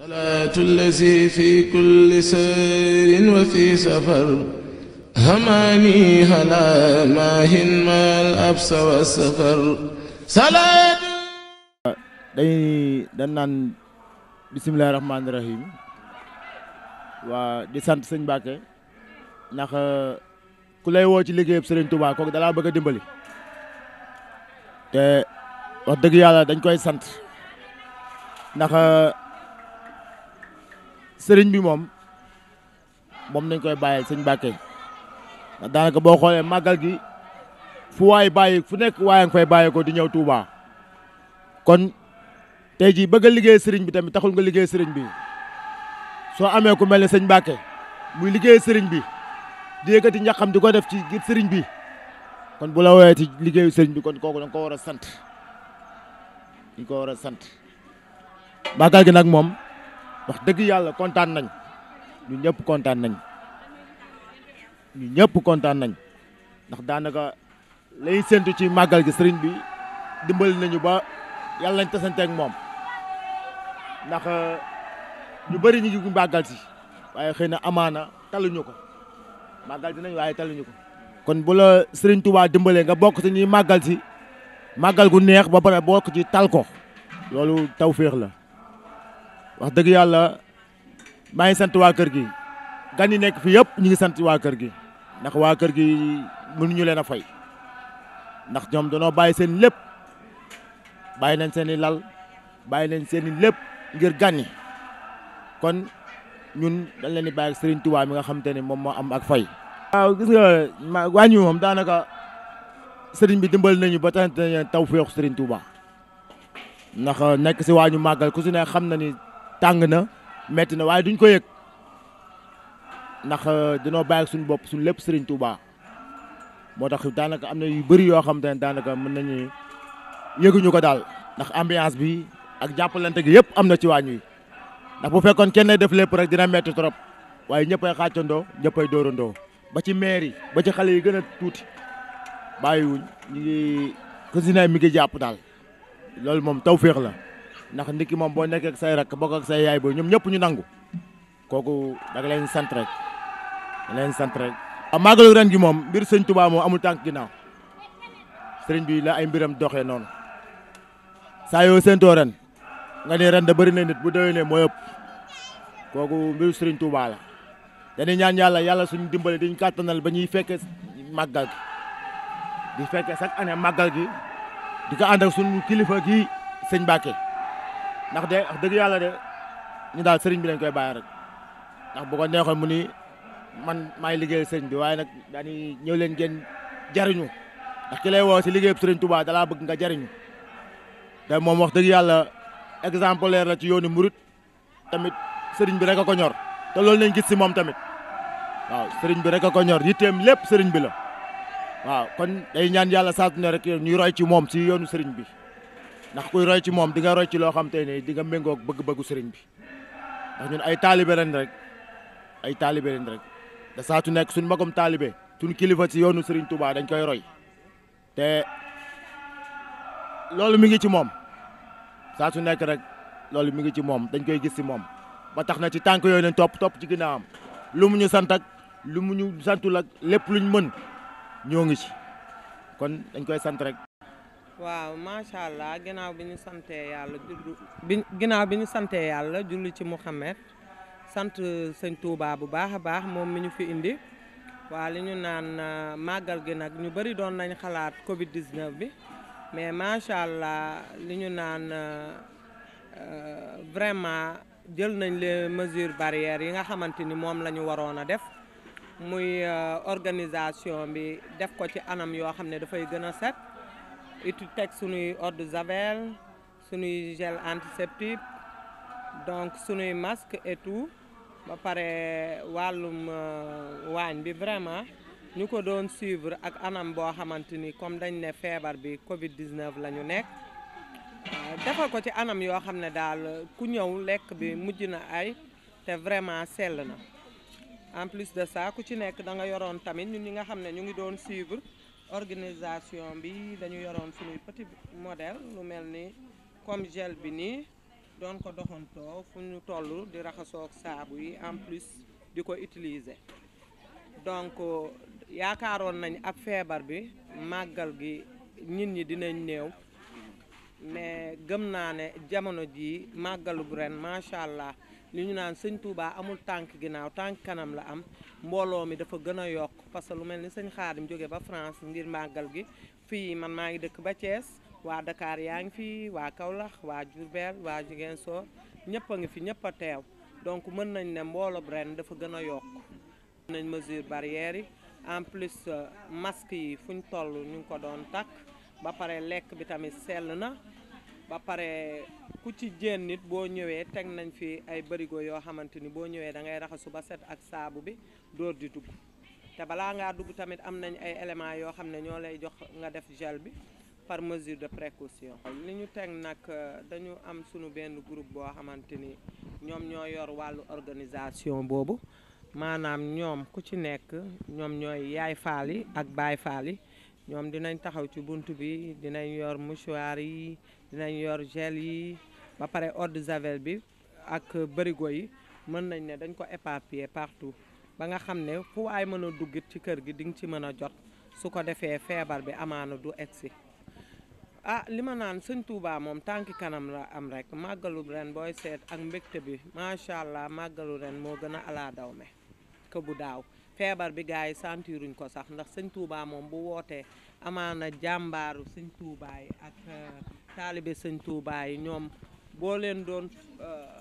salaatu allazi fi kulli sayrin wa fi safar hamaani halaa maahin absa wa safar salaatu dañuy dañ naan bisimilahi rahmaani rahim waa di sant sëñ Mbàkke ndax ku lay woo ci liggéeyub Sëriñ Tuubaa kooku dalaa bëgg a dimbali te wax dëgg yàlla dañ koy sant ndax sëriñ bi moom moom nañ koy bàyyee sëñ Mbàkke daanaka boo xoolee màggal gi fu waay bàyyi fu nekk waaye nga fay bàyyi ko di ñëw Touba kon tey jii bëgg liggéey sëriñ bi tamit taxul nga liggéey sëriñ bi soo amee ku mel ne sëñ Mbàkke muy liggéey sëriñ bi di yëkkati njaqam di ko def ci sëriñ bi kon bu la woowee ti liggéeyu sëriñ bi kon kooku da nga ko war a sant dañ ko war a sant màggal gi nag moom wax dëgg yàlla kontaan nañ ñu ñëpp kontaan nañ ñu ñëpp kontaan nañ ndax daanaka lay séntu ci màggal gi sëriñ bi dimbali nañu ba yàlla nañ tasanteeg moom ndax euh, ñu bëri ñu ngi màggal si waaye xëy na amaana taluñu ko màggal dinañ waaye taluñu ko kon bu la sëriñ Tuubaa dimbalee nga bokk ci ñuy màggal si màggal gu neex ba pare bokk ci tal ko loolu tawféex la wax dëgg yàlla maa ngi sant waa kër gi gan yi nekk fi yëpp ñu ngi sant waa kër gi ndax waa kër gi mënuñu leen a fay ndax ñoom danoo bàyyi seen lépp bàyyi nañ seen i lal bàyyi nañ seeni lépp ngir gan kon ñun dañ leen di bàyyi ak Serigne nga xam ne moom moo am ak fay. waaw gis nga ma wàññi moom daanaka Serigne bi dimbali nañu ba tax taw féexu ndax nekk si waañu màggal ku si ne xam na ni. tàng na metti na waaye duñ ko yëg ndax euh, dinoo bàyyi suñu bopp suñ lépp Serigne Touba moo tax daanaka am na yu bëri yoo xam te ne daanaka mën nañu yëguñu ko daal ndax ambiance bi ak jàppalante gi yëpp am na ci waañ wi ndax bu fekkoon kenn def lépp rek dina metti trop waaye ñëppay xàccandoo ñëppay dóorandoo ba ci maire yi ba ci xale yi gën a tuuti bàyyiwuñ ñu ngi ko mi ngi jàpp daal loolu moom tawféex la ndax ndiki moom boo nekkee ak say rakk bokk ak say yaay booy ñoom ñëpp ñu nangu kooku da nga leen sant rek da leen sant ah, ren gi moom mbir sëñ Tuubaa moo amul tànk ginnaaw sëriñ bi la ay mbiram doxee noonu saa yoo séentoo ren nga ne ren da bëri na nit bu déwénee moo yëpp kooku mbiru sëriñ Tuubaa la. dañuy ñaan yàlla yàlla suñu dimbale diñ kàttanal ba ñuy fekkee màggal gi di fekkee chaque année màggal gi di ko ànd ak suñu kilifa gi sëñ Mbàkke ndax de wax dëgg yàlla de ñu daal sëriñ bi lañ koy bàyyi rek ndax bu ko neexoon mu ni man maay liggéeyal sëriñ bi waaye nag daani ñëw leen ngeen jariñu ndax ki lay woo si liggéeyub sëriñ Touba dalaa bëgg nga jariñu te moom wax dëgg yàlla exemple exemplaire la ci yoonu murit tamit sëriñ bi rek a ko ñor te loolu lañ gis si moom tamit waaw sëriñ bi rek a ko ñor yitteem lépp sëriñ bi la waaw kon day ñaan yàlla saa su ne rek ñuy roy ci moom si yoonu sëriñ bi ndax kuy roy ci moom di nga roy ci loo xam te ni di nga méngoog bëgg-bëggu sëriñ bi ndax ñun ay taalibe lañ rek ay taalibe rek da saa nekk suñ magom taalibe suñ kilifa ci yoonu sëriñ Touba dañ koy roy te loolu mi ngi ci moom saatu nekk rek loolu mi ngi ci moom dañ koy gis ci moom ba tax na ci tànk yooyu lañ topp topp ci ginnaawam lu mu ñu sant ak lu mu ñu santul ak lépp luñ mën ñoo ngi ci kon dañ koy sant rek. waaw macha allah ginnaaw bi ñu santee yàlla jullu ginnaaw bi ñu santee yàlla julli ci Mouhamed sant sëñ Touba bu baax a baax moom mi ñu fi indi waa li ñu naan uh, màggal gi nag ñu bëri doon nañ xalaat Covid 19 bi mais macha allah li ñu naan uh, uh, vraiment jël nañ les mesures barrières yi nga xamante ni moom la ñu waroon a def muy organisation bi def ko ci anam yoo xam ne dafay gën a set. uti teg suñuy eau de javel suñuy gel antiseptique donc suñuy masque et tout ba pare wàllum euh, waañ bi vraiment ñu ko doon suivre ak anam boo xamante ni comme dañ ne feebar bi Covid 19 la ñu nekk euh, defal ko ci anam yoo xam ne daal ku ñëw lekk bi mujj na ay te vraiment sell na en plus de saa ku ci nekk da nga yoroon tamit ñun ñi nga xam ne ñu ngi doon suivre. organisation bi dañu yoroon suñuy petit modèle lu mel ni comme gel bi nii doon ko doxantoo fu ñu toll di raxasoo ak saabu yi en plus di ko utiliser donc yaakaaroon nañ ab feebar bi màggal gi nit ñi dinañ néew mais gëm naa ne jamono ji màggalu bu ren macha allah. li ñu naan sëñ Touba amul tànk ginnaaw tànk kanam la am mbooloo mi dafa gën a yokk parce que lu mel ni sëñ Xaadim jóge ba France ngir màggal gi fii man maa ngi dëkk ba Thiès waa dakaar yaa ngi fii waa Kaolack waa Diourbel waa Ziguinchor ñëpp a ngi fi ñëpp a teew donc mën nañ ne mbooloo ren dafa gën a yokk nañ mesure barrière yi en plus euh, masque yi fu fuñ toll ñu ngi ko doon takk ba pare lekk bi tamit sell na ba pare ku ci jéen nit boo ñëwee teg nañ fi ay bërigo yoo xamante ni boo ñëwee da ngay raxasu ba set ak saabu bi door di dugg te balaa nga dugg tamit am nañ ay éléments yoo xam ne ñoo lay jox nga def gel bi par mesure de précaution. li ñu teg nag euh, dañu am sunu benn groupe boo xamante ni ñoom ñoo yor wàllu organisation boobu maanaam ñoom ku ci nekk ñoom ñooy yaay faal yi ak baay faal yi ñoom dinañ taxaw ci bunt bi dinañ yor mouchoir yi dinañ yor gel yi. ba pare eau javel bi ak bërigo yi mën nañ ne dañ ko éparpiller partout ba nga xam ne fu waay mën a duggit ci kër gi di nga ci mën a jot su ko defee feebar bi amaana du egsi ah li ma naan sëñ tuubaa moom tànki kanam la am rek màggalu ren booy seet ak mbégte bi macha allah màggalu ren moo gën a alaadaw me kë bu daaw feebar bi gars yi sentiruñ ko sax ndax sëñ Touba moom bu wootee amaana jàmbaaru sëñ Touba yi ak euh, taalibe sëñ Touba yi ñoom boo leen doon euh,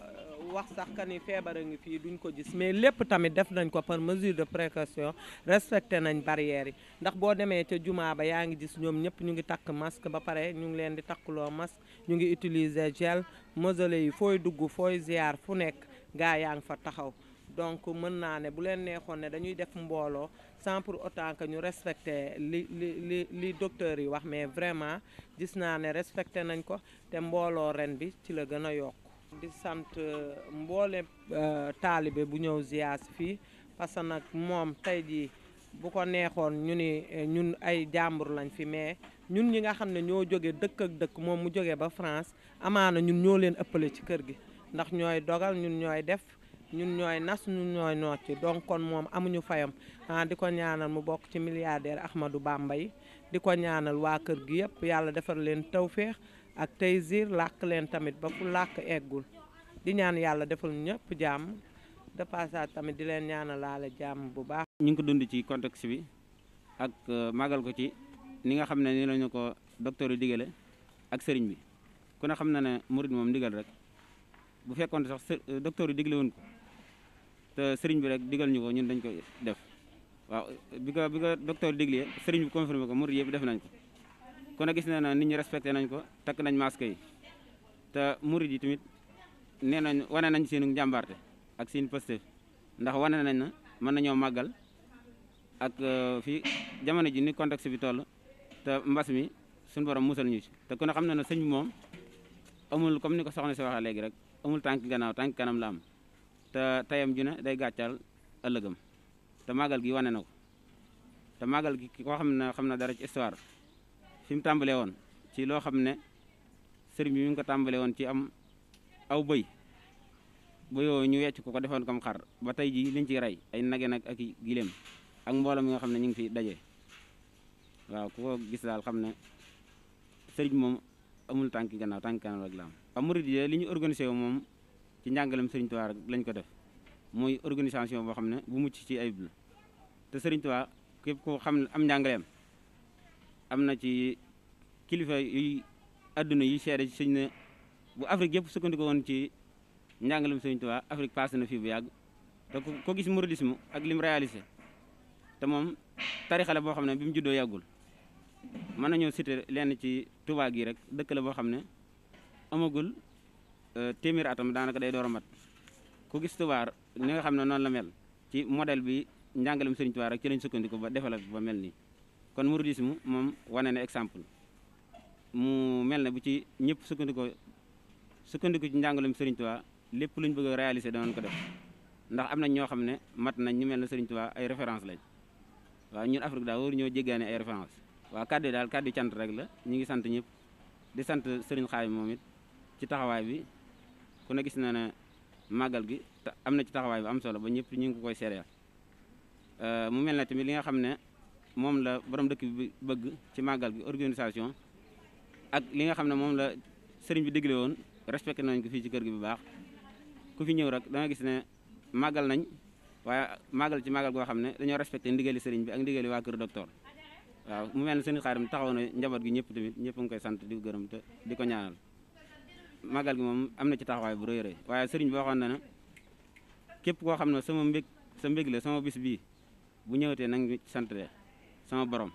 wax sax ka ni feebar a ngi fii duñ ko gis mais lépp tamit def nañ ko par mesure de précaution respecté nañ barrières yi ndax boo demee ca jumaa ba yaa ngi gis ñoom ñëpp ñu ngi takk masque ba pare ñu ngi leen di takkuloo masque ñu ngi utiliser gel mausolée yi fooy dugg fooy ziar fu nekk gaa yaa ngi fa taxaw donc mën naa ne bu leen neexoon ne dañuy def mbooloo sans pour autant que ñu respecter li li li li yi wax mais vraiment gis naa ne respecté nañ ko te mbooloo ren bi ci la gën a yokk di sant euh, mboole euh, taalibe bu ñëw ziyaas fii parce que nag moom tey jii bu ko neexoon ñu ni euh, ñun ay jàmbur lañ fi mais ñun ñi nga xam ne ñoo jóge dëkk ak dëkk moom mu jóge ba France amaana ñun ñoo leen ëppale ci kër gi ndax ñooy dogal ñun ñooy def ñun ñooy nas ñun ñooy nocc donc kon moom amuñu fayam ah di ko ñaanal mu bokk ci milliardaire Ahmadou Bamba yi di ko ñaanal waa kër gi yëpp yàlla defar leen tawféex ak tey taysir làkk leen tamit ba fu làkk eggul di ñaan yàlla defal ñëpp jàmm de passage tamit di leen ñaanal laale jàmm bu baax. ñu ngi ko dund ci contexte bi ak euh, magal ko ci ni nga xam ne ni lañu ko docteur yi digale ak sëriñ bi ku ne xam na ne murid moom ndigal rek bu fekkoon sax docteur te sëriñ bi rek digal ñu ko ñun dañ koy def waaw bi ko bi ko docteur diglee sëriñ bi confirmé ko murid yëpp def nañ ko kon a gis nee na nit ñi respecté nañ ko takk nañ masque yi te murid yi tamit nee nañ wane nañ seenu njàmbaarte ak seen Pastef ndax wane nañ na mën nañoo màggal ak euh, fi jamono ji ni contexte bi toll te mbas mi suñu borom musal ñu ci te kon xam na ne sëñ bi moom amul comme ni ko soxna si waxee léegi rek amul tànk gannaaw tànk kanam laa te tayam ju ne day gàccal ëllëgam te màggal gi wane na ko te magal gi ko xam ne xam na dara ci histoire fi mu tàmbalee woon ci loo xam ne sëriñ bi mi ngi ko tàmbalee woon ci am aw bëy ba yooyu ñu wecc ko ko defoon comme xar ba tey ji liñ ci rey ay nage nag ak i gileem ak mbooloo mi nga xam ne ñu ngi fi daje waaw ko gis daal xam ne sëriñ moom amul tànki gannaaw tànki kanam rek la am. murid yi li moom ci njàngalem Serigne Touba rek lañ ko def muy organisation boo xam ne bu mucc ci ayib la te Serigne Touba képp koo xam ne am njàngaleem am na ci kilifa yuy adduna yi seede ci sëñ ne bu Afrique yëpp sukkandiku woon ci njàngalem Serigne Touba Afrique passé na fii bu yàgg te ko gis mouridisme ak lim réalisé te moom tarixa la boo xam ne bi mu juddoo yàggul mën nañoo citer lenn ci Touba gii rek dëkk la boo xam ne amagul. Euh, téeméeri atam daanaka day door a mat ku gis Tuubaa ni nga xam ne noonu la mel ci modèle bi njàngalem Sëriñ Tuubaa rek ci lañ sukkandiku ba defal ba mel nii kon mouridisme moom wane na exemple mu mel ne bu ci ñëpp sukkandikoo sukkandiku ci njàngalem Sëriñ Tuubaa lépp luñ bëgg a réaliser danañ ko def ndax am nañ ñoo xam ne mat nañ ñu mel ne Sëriñ Tuubaa ay référence lañ waaw ñun Afrique daal war ñoo jéggaane ay référence waa kàddu yi daal kàddu rek la ñu ngi sant ñëpp di sant Sëriñ Xaay moom ci taxawaay bi ku gis na ne màggal gi am na ci taxawaay bu am solo ba ñëpp ñu ngi ko koy seereel euh, mu mel ne tamit li nga xam ne moom la borom dëkk bi bëgg ci màggal gi organisation ak li nga xam ne moom la sëriñ bi digle woon respecté nañ ko fii ci kër gi bu baax ku fi ñëw rek da nga gis ne màggal nañ waaye màggal ci màggal goo xam ne dañoo respecté ndigali sëriñ bi ak ndigali waa kër docteur mu mel ne sëriñ Xaadim taxaw na njaboot gi ñëpp tamit ñëpp a ngi koy sant di ko gërëm te di ko màggal gi moom am na ci taxawaay bu rëy rëy waaye sëriñ bi waxoon na ne képp koo xam ne sama mbég sa mbég la sama bis bii bu ñëwatee nag ñu sant sama borom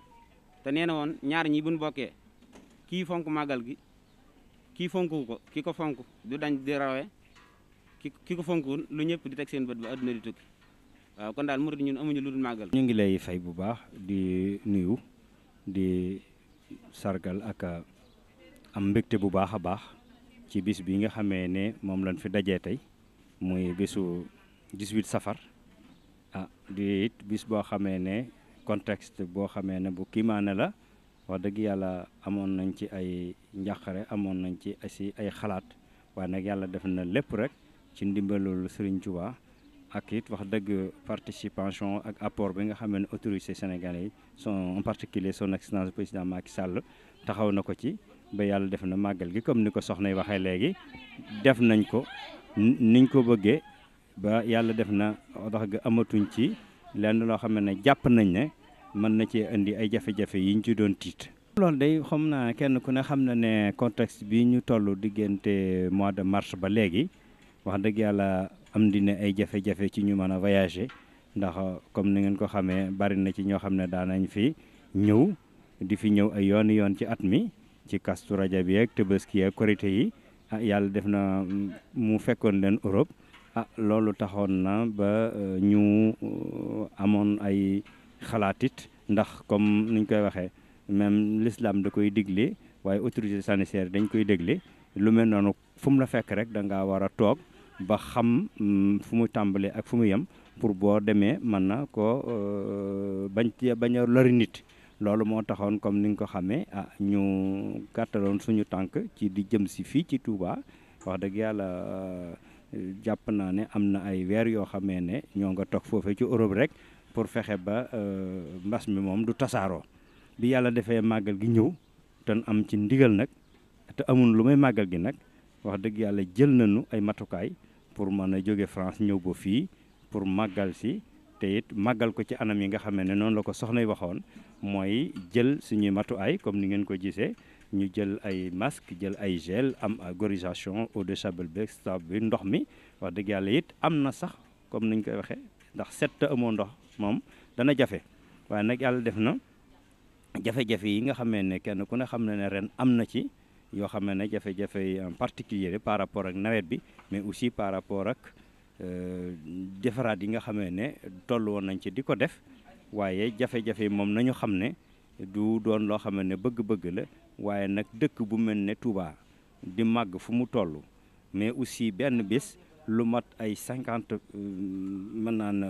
te nee na woon ñaar ñi buñ bokkee kii fonk màggal gi kii fonku ko kii ko fonk du dañ di rawee kii ki ko fonkul lu ñëpp di teg seen bët ba adduna di tukki waaw kon daal murid ñun amuñu lu dul màggal ñu ngi lay fay bu baax di nuyu di sargal ak am mbégte bu baax a baax ci bis bi nga xamee ne moom lañ fi dajee tey muy bisu 18 safar ah di it bis boo xamee ne context boo xamee ne bu kiimaane la wax dëgg yàlla amoon nañ ci ay njàqare amoon nañ ci asi ay xalaat waaye nag yàlla def na lépp rek ci ndimbalul Serigne Touba ak it wax dëgg participation ak apport bi nga xamee ne autorités sénégalais yi son en particulier son excellence président Macky Sall taxaw na ko ci ba yàlla def na màggal gi comme ni ko soxna yi waxee léegi def nañ ko niñ ko bëggee ba yàlla def na dox ga amatuñ ci lenn loo xam ne jàpp nañ ne mën na cee indi ay jafe-jafe yiñ ci doon tiit. lool de xam naa kenn ku ne xam na ne contexte bi ñu toll diggante mois de mars ba léegi wax dëgg yàlla am di ne ay jafe-jafe ci ñu mën a voyager ndax comme ni ngeen ko xamee bari na ci ñoo xam ne daanañ fi ñëw di fi ñëw ay yoon yoon ci at mi ci kastu rajo bi yeeg tëbaski yeeg korité yi ah, yàlla def na mm, mu fekkoon leen Europe ah loolu taxoon na ba euh, ñu euh, amoon ay xalaatit ndax comme nuñ koy waxee même l'islam da koy dégle waaye autorité sanitaire dañ koy dégle lu mel noonu fu la fekk rek da ngaa war a toog ba xam mm, fu mu tàmbalee ak fu mu yem pour boo demee mën na ko euh, bañ bañ a lori nit loolu moo taxoon comme ni nga ko xamee ah ñu gàttaloon suñu tànk ci di jëm si fii ci Touba wax dëgg yàlla euh, jàpp naa ne am na ay weer yoo xamee ne ñoo nga toog foofe ci Europe rek pour fexe ba euh, mbas mi moom du tasaaroo bi yàlla defee màggal gi ñëw te am ci ndigal nag te amul lu may màggal gi nag wax dëgg yàlla jël nañu ay matukaay pour mën a jóge France ñëw ba fii pour màggal si te it màggal ko ci anam yi nga xam ne noonu la ko soxnay waxoon mooy jël suñuy matu ay comme ni ngeen ko gisee ñu jël ay masque jël ay gel am gorisation eau de sable bi saabu ndox mi wax dëgg yàlla yit am na sax comme niñ koy waxee ndax set amoo ndox moom dana jafe waaye nag yàlla def na jafe-jafe yi nga xamee ne kenn ku ne xam na ne ren am na ci yoo xam ne jafe-jafe en particulier par rapport ak nawet bi mais aussi par rapport ak Euh, defaraat yi nga xamee ne toll woon nañ ci di ko def waaye jafe-jafe moom nañu xam ne du doon loo xamee ne bëgg-bëgg la waaye nag dëkk bu mel ne Touba di màgg fu mu toll mais aussi benn bis lu mat ay cinquante euh, mën naa na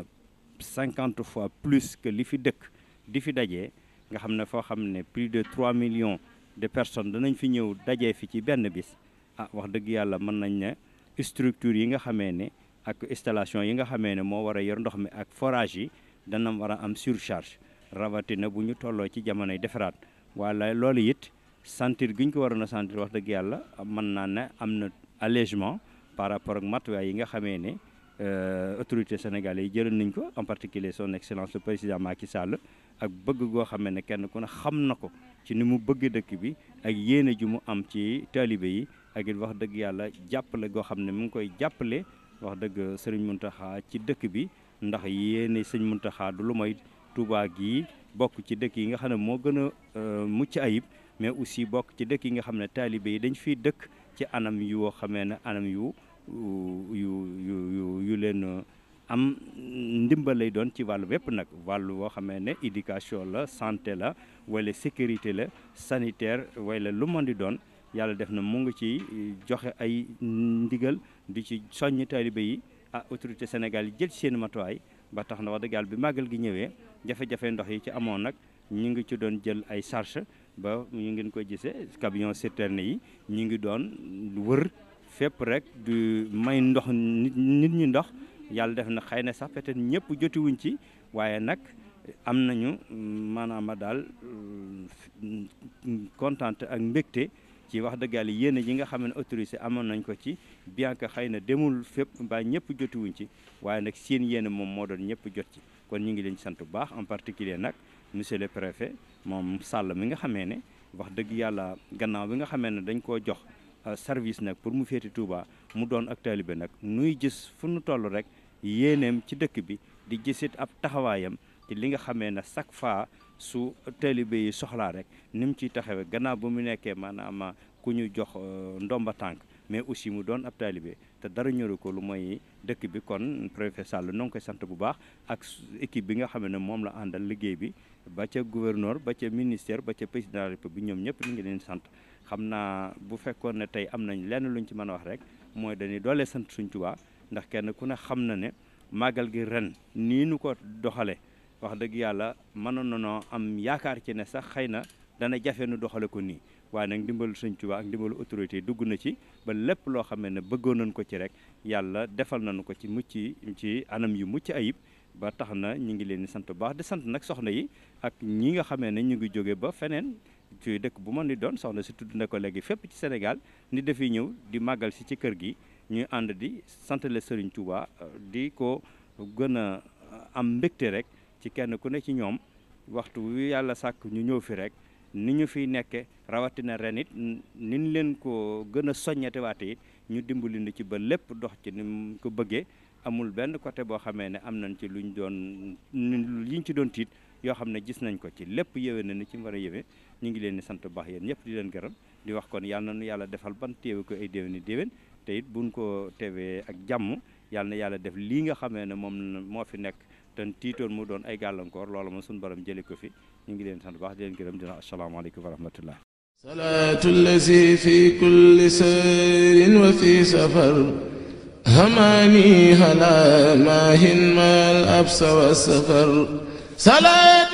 cinquante fois plus que li fi dëkk di fi dajee nga xam ne foo xam ne plus de trois millions de personnes danañ fi ñëw dajee fi ci benn bis ah wax dëgg yàlla mën nañ ne structure yi nga xamee ne ak installation yi nga xamee ne moo war a yor ndox mi ak forage yi dana war a am surcharge rawatina bu ñu tolloo ci jamonoy defaraat wala loolu it sentir gi ñu ko war a sentir wax dëgg yàlla mën naa ne am na allègement par rapport ak matuwaay yi nga xamee ne euh, autorité sénégal yi jëloon nañ ko en particulier son excellence le président Macky Sall ak bëgg goo xamee ne kenn ku ne xam na ko ci ni mu bëgg dëkk bi ak yéene ji mu am ci taalibe yi ak it wax dëgg yàlla jàppale goo xam ne mu ngi koy jàppale wax dëgg sëriñ Mountakha ci dëkk bi ndax yéene sëñ Mountakha du lu may Touba yi bokk ci dëkk yi nga xam ne moo gën a euh, mucc ayib mais aussi bokk ci dëkk yi nga xam ne taalibe yi dañ fiy dëkk ci anam woo xamee ne anam yu yu yu yu leen am ndimbal lay doon ci wàllu wépp nag wàllu woo xamee ne éducation la santé la wala sécurité la sanitaire wala lu mën di doon yàlla def na mu ngi ci eh, joxe ay ndigal di ci soññ taalibe yi ah autorité Sénégal yi jël ci seen matuwaay ba tax na wax yàlla bi màggal gi ñëwee jafe-jafe ndox yi ci amoon nag ñu ngi ci doon jël ay sarche ba ñu ngeen koy gisee camion citerne yi ñu ngi doon wër fépp rek du may ndox nit ñi ndox yàlla def na xëy na sax peut-être ñëpp jotiwuñ ci waaye nag am nañu mm, maanaam daal euh, kontaan ak mbégte ci wax dëgg yàlla yéen yi nga xam ne autorisé amoon nañ ko ci bien que xëy na demul fépp baa ñëpp jotiwuñ ci waaye nag seen yéen moom moo doon ñëpp jot ci kon ñu ngi leen ci sant bu baax en particulier nag monsieur le préfet moom Sall mi nga xamee ne wax dëgg yàlla gannaaw bi nga xamee ne dañ koo jox euh, service nag pour mu féete Touba mu doon ak taalibe nag nuy gis fu nu toll rek yéeneem ci dëkk bi di gisit ab taxawaayam ci li nga xamee ne chaque fois su taalibe yi soxlaa rek ni mu ciy taxawee gannaaw ba mu nekkee maanaam ku ñu jox euh, ndomba tànk mais aussi mu doon ab taalibe te dara ñoru ko lu mooy dëkk bi kon préfet Sall noo koy sant bu baax ak équipe bi nga xam ne moom la àndal liggéey bi ba ca gouverneur ba ca ministère ba ca président de la ñoom ñëpp ñu ngi leen sant xam naa bu fekkoon ne tey am nañ lenn luñ ci mën a wax rek mooy dañuy doole sant suñ Tuubaa ndax kenn ku ne xam na ne màggal gi ren nii nu ko doxalee. wax dëgg yàlla mënoon na noo am yaakaar ci ne sax xëy na dana jafe nu doxale ko nii waaye nag ndimbalu Sëñ Tuubaa ak ndimbalu autorité dugg na ci ba lépp loo xam ne bëggoon nañ ko ci rek yàlla defal na nañu ko ci mucc yi ci anam yu mucc ayib ba tax na ñu ngi leen di sant bu baax di sant nag soxna yi ak ñi nga xamee ne ñu ngi jóge ba feneen ci dëkk bu mën di doon soxna si tudd na ko léegi fépp ci Sénégal ni dafiy ñëw di màggal si ci kër gi ñuy ànd di sant la Sëriñ di ko gën a am mbégte rek ci kenn ku ne ci ñoom waxtu wi yàlla sàkk ñu ñëw fi rek ni ñu fiy nekke rawatina ren it niñ leen ko gën a soññate waate ñu dimbali ni ci ba lépp dox ci ni mu ko bëggee amul benn côté boo xamee ne am nañ ci lu luñ doon liñ ci doon tiit yoo xam ne gis nañ ko ci lépp yéwé na ni ci war a yéwé ñu ngi leen di sant baax yéen ñëpp di leen gërëm di wax kon yàlla na nu yàlla defal ban téewe ko ay déwéni déwén te it buñ ko teewee ak jàmm yàlla na yàlla def lii nga xamee ne moom moo fi nekk ten tiitoon mu doon ay gàllankoor loola moom suñu borom jëlee ko fi ñu ngi leen sant baax di leen gërëm dina asalaamaaleykum wa rahmatullah salaatu lazi fi kulli sayrin wa fi safar hamaani hala maahin maal absa wa safar